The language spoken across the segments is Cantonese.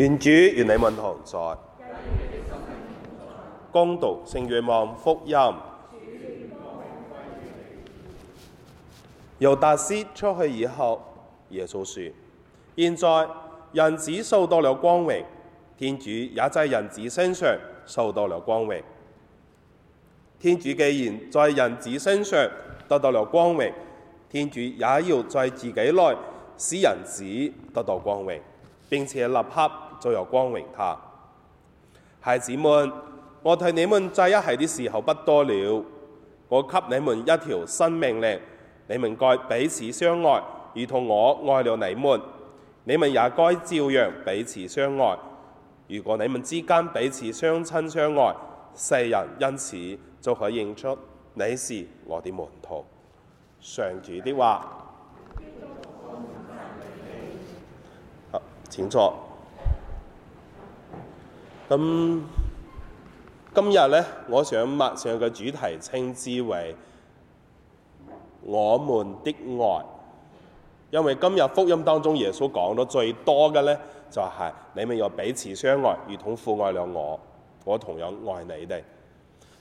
願主與你們同在，恭讀聖若望福音。猶達斯出去以後，耶穌說：現在人子受到了光榮，天主也在人子身上受到了光榮。天主既然在人子身上得到了光榮，天主也要在自己內使人子得到光榮，並且立刻。就有光榮，他。孩子們，我替你們在一起的時候不多了，我給你們一條新命令：你們該彼此相愛，如同我愛了你們，你們也該照樣彼此相愛。如果你們之間彼此相親相愛，世人因此就可以認出你是我的門徒。上主的話，好，請坐。咁今日咧，我想默上嘅主題稱之為我們的愛，因為今日福音當中耶穌講到最多嘅咧，就係、是、你們要彼此相愛，如同父愛了我，我同樣愛你哋。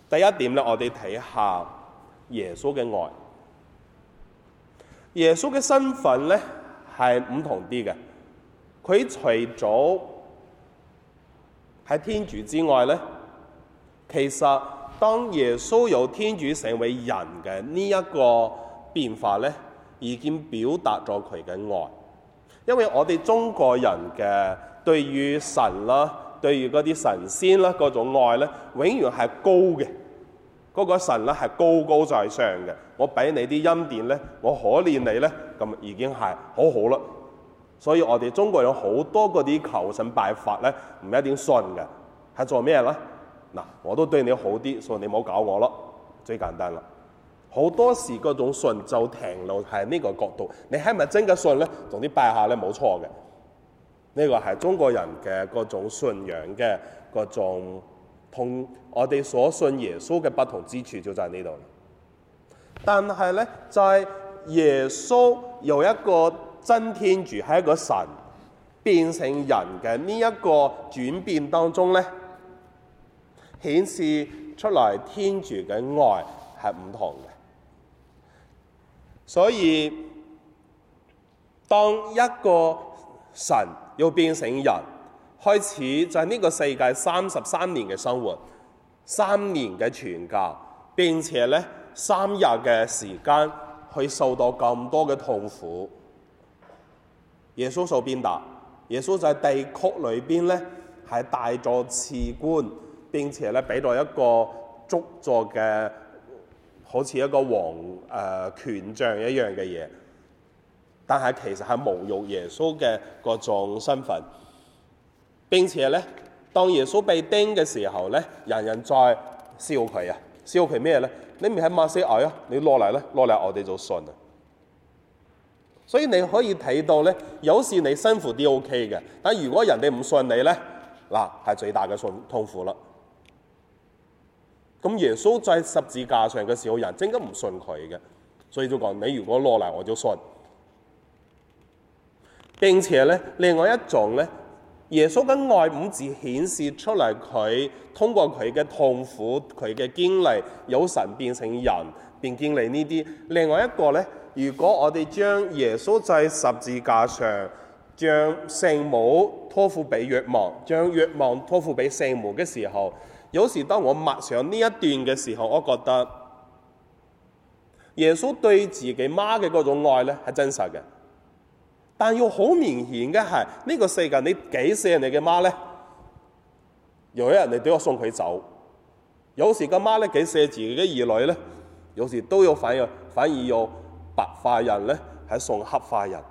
第一點咧，我哋睇下耶穌嘅愛。耶穌嘅身份咧係唔同啲嘅，佢除咗喺天主之外咧，其實當耶穌有天主成為人嘅呢一個變化咧，已經表達咗佢嘅愛。因為我哋中國人嘅對於神啦，對於嗰啲神仙啦嗰種愛咧，永遠係高嘅。嗰個神咧係高高在上嘅，我俾你啲恩典咧，我可憐你咧，咁已經係好好啦。所以我哋中國有好多嗰啲求神拜佛咧，唔一定信嘅，係做咩咧？嗱，我都對你好啲，所以你唔好搞我咯，最簡單啦。好多時嗰種信就停留喺呢個角度，你係咪真嘅信咧？同啲拜下咧冇錯嘅，呢、這個係中國人嘅嗰種信仰嘅嗰種同我哋所信耶穌嘅不同之處就喺呢度。但係咧，在、就係、耶穌有一個。真天主係一個神變成人嘅呢一個轉變當中咧，顯示出來天主嘅愛係唔同嘅。所以當一個神要變成人，開始在呢個世界三十三年嘅生活，三年嘅傳教，並且咧三日嘅時間去受到咁多嘅痛苦。耶穌受鞭打，耶穌在地曲裏邊咧，係戴咗刺冠，並且咧俾咗一個足座嘅，好似一個王誒權、呃、杖一樣嘅嘢，但係其實係侮辱耶穌嘅嗰種身份。並且咧，當耶穌被釘嘅時候咧，人人在笑佢啊！笑佢咩咧？你唔係馬西亞啊？你落嚟咧，落嚟我哋就信啊！所以你可以睇到呢，有時你辛苦啲 OK 嘅，但如果人哋唔信你呢，嗱係最大嘅痛苦啦。咁耶穌在十字架上嘅時候，人真係唔信佢嘅，所以就講：你如果落嚟，我就信。並且呢，另外一種呢。耶穌的愛唔只顯示出嚟，佢通過佢嘅痛苦、佢嘅經歷，由神變成人，並建立呢啲。另外一個呢，如果我哋將耶穌在十字架上將聖母託付俾若望，將若望託付俾聖母嘅時候，有時當我默想呢一段嘅時候，我覺得耶穌對自己媽嘅嗰種愛呢係真實嘅。但要好明顯嘅係呢個世界，你幾錫你嘅媽咧？有一人你都要送佢走，有時個媽咧幾錫自己嘅兒女咧，有時都要反又反而又白髮人咧，係送黑髮人，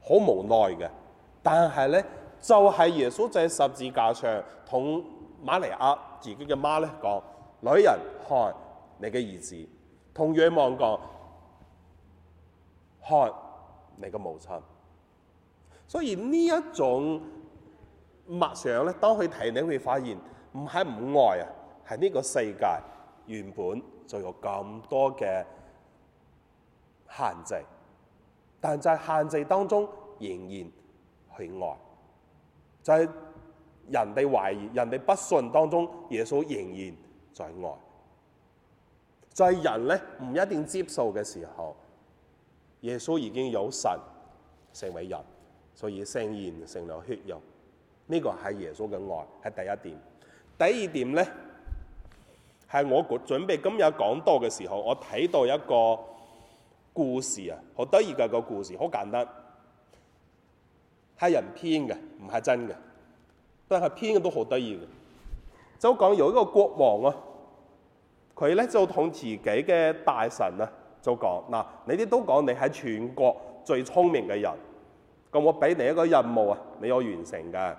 好無奈嘅。但係咧，就係、是、耶穌在十字架上同瑪利亞自己嘅媽咧講：女人，看你嘅兒子，同樣望講看你嘅母親。所以呢一種物象咧，當佢睇，你會發現唔係唔愛啊，係呢個世界原本就有咁多嘅限制，但在限制當中仍然去愛。就係、是、人哋懷疑、人哋不信當中，耶穌仍然在愛。就係、是、人咧唔一定接受嘅時候，耶穌已經有神成為人。所以聖言成了血肉，呢、這個係耶穌嘅愛，係第一點。第二點咧，係我準備今日講道嘅時候，我睇到一個故事啊，好得意嘅個故事，好簡單，係人編嘅，唔係真嘅，但係編嘅都好得意嘅。就講有一個國王啊，佢咧就同自己嘅大臣啊，就講嗱，說你哋都講你係全國最聰明嘅人。咁我俾你一個任務啊，你要完成嘅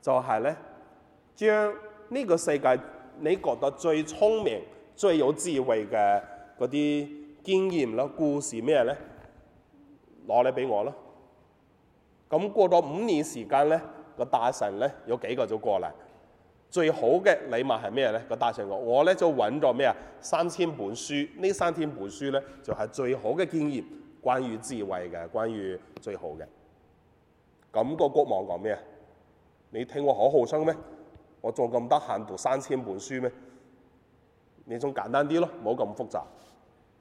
就係、是、咧，將呢個世界你覺得最聰明、最有智慧嘅嗰啲經驗咯、故事咩咧，攞嚟俾我咯。咁過咗五年時間咧，個大神咧有幾個就過嚟，最好嘅禮物係咩咧？個大神話我咧就揾咗咩啊？三千本書，呢三千本書咧就係、是、最好嘅經驗，關於智慧嘅，關於最好嘅。咁個國王講咩啊？你聽我好豪張咩？我做咁得閒讀三千本書咩？你仲簡單啲咯，冇咁複雜。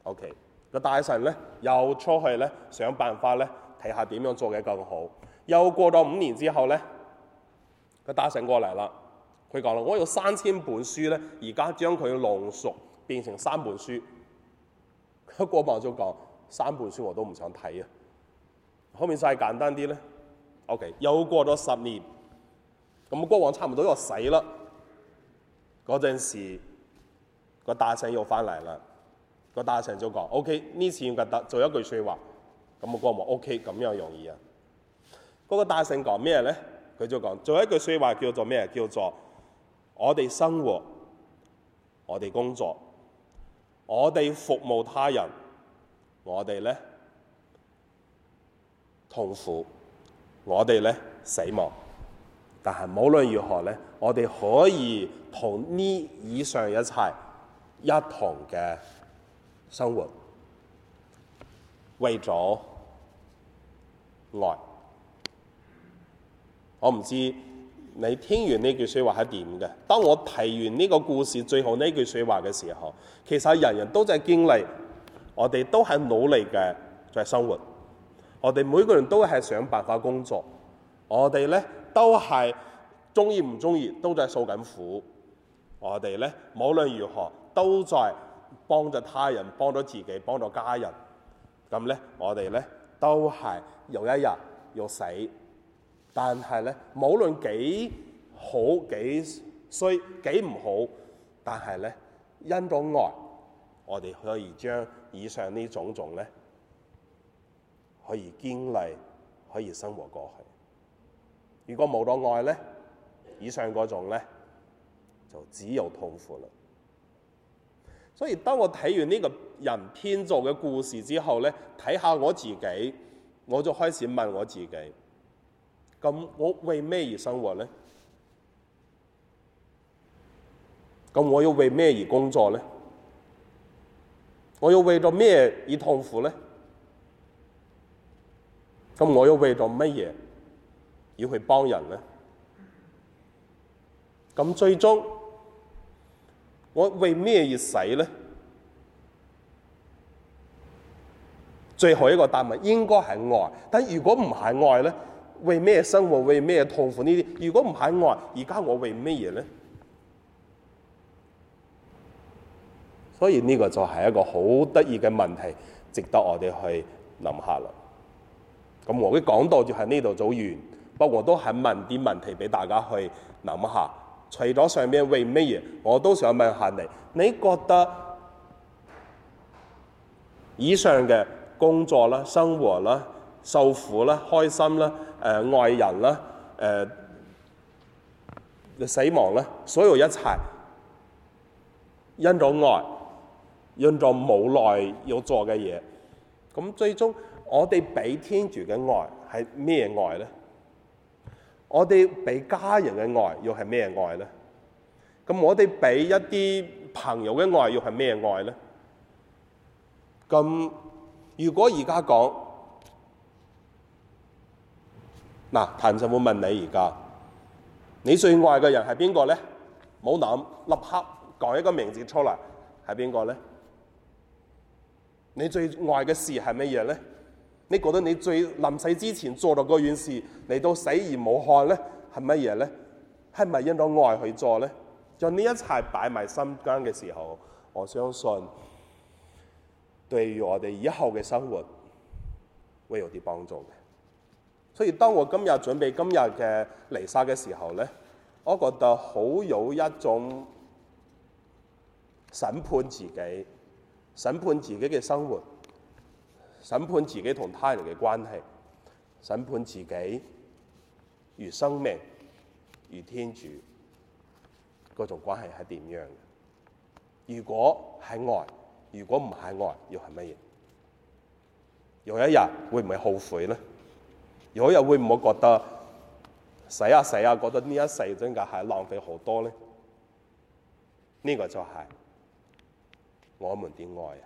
OK，個大臣咧又出去咧想辦法咧，睇下點樣做嘅更好。又過咗五年之後咧，個大臣過嚟啦，佢講啦：我有三千本書咧，而家將佢濃縮變成三本書。個國王就講：三本書我都唔想睇啊，可唔可以再簡單啲咧？OK，又過咗十年，咁國王差唔多要又死啦。嗰陣時，個大臣又翻嚟啦。個大臣就講：OK，呢次要得，做一句説話。咁我國王 OK，咁樣容易啊。嗰、那個大臣講咩咧？佢就講做一句説話叫做咩？叫做我哋生活，我哋工作，我哋服務他人，我哋咧痛苦。我哋咧死亡，但係無論如何咧，我哋可以同呢以上一切一同嘅生活，為咗愛。我唔知你聽完呢句説話係點嘅。當我提完呢個故事最後呢句説話嘅時候，其實人人都在經歷，我哋都係努力嘅在生活。我哋每個人都係想辦法工作，我哋咧都係中意唔中意，都在受緊苦。我哋咧，無論如何，都在幫助他人、幫助自己、幫助家人。咁咧，我哋咧都係有一日要死，但係咧，無論幾好、幾衰、幾唔好，但係咧，因到愛，我哋可以將以上呢種種咧。可以經歷，可以生活過去。如果冇咗愛咧，以上嗰種咧，就只有痛苦啦。所以，當我睇完呢個人編造嘅故事之後咧，睇下我自己，我就開始問我自己：咁我為咩而生活咧？咁我要為咩而工作咧？我要為咗咩而痛苦咧？咁我又為咗乜嘢要去幫人咧？咁最終我為咩要死咧？最後一個答案應該係愛，但如果唔係愛咧，為咩生活？為咩痛苦呢啲？如果唔係愛，而家我為乜嘢咧？所以呢個就係一個好得意嘅問題，值得我哋去諗下啦。咁我嘅講道就喺呢度做完，不過都肯問啲問題俾大家去諗下。除咗上面為咩嘢，我都想問下你，你覺得以上嘅工作啦、生活啦、受苦啦、開心啦、誒、呃、愛人啦、誒、呃、死亡咧，所有一切因咗愛、因咗無奈要做嘅嘢，咁最終。我哋俾天主嘅愛係咩愛咧？我哋俾家人嘅愛又係咩愛咧？咁我哋俾一啲朋友嘅愛又係咩愛咧？咁如果而家講嗱，譚生會問你而家，你最愛嘅人係邊個咧？冇諗，立刻講一個名字出嚟，係邊個咧？你最愛嘅事係乜嘢咧？你覺得你最臨死之前做到個善事，嚟到死而無憾咧，係乜嘢咧？係咪因咗愛去做咧？將呢一切擺埋心間嘅時候，我相信對於我哋以後嘅生活會有啲幫助嘅。所以當我今日準備今日嘅離世嘅時候咧，我覺得好有一種審判自己、審判自己嘅生活。審判自己同他人嘅關係，審判自己與生命、與天主嗰種關係係點樣嘅？如果係愛，如果唔係愛，又係乜嘢？有一日會唔會後悔咧？有一日會唔會覺得洗下、啊、洗下、啊、覺得呢一世真係係浪費好多咧？呢、呢個就係我們啲愛啊！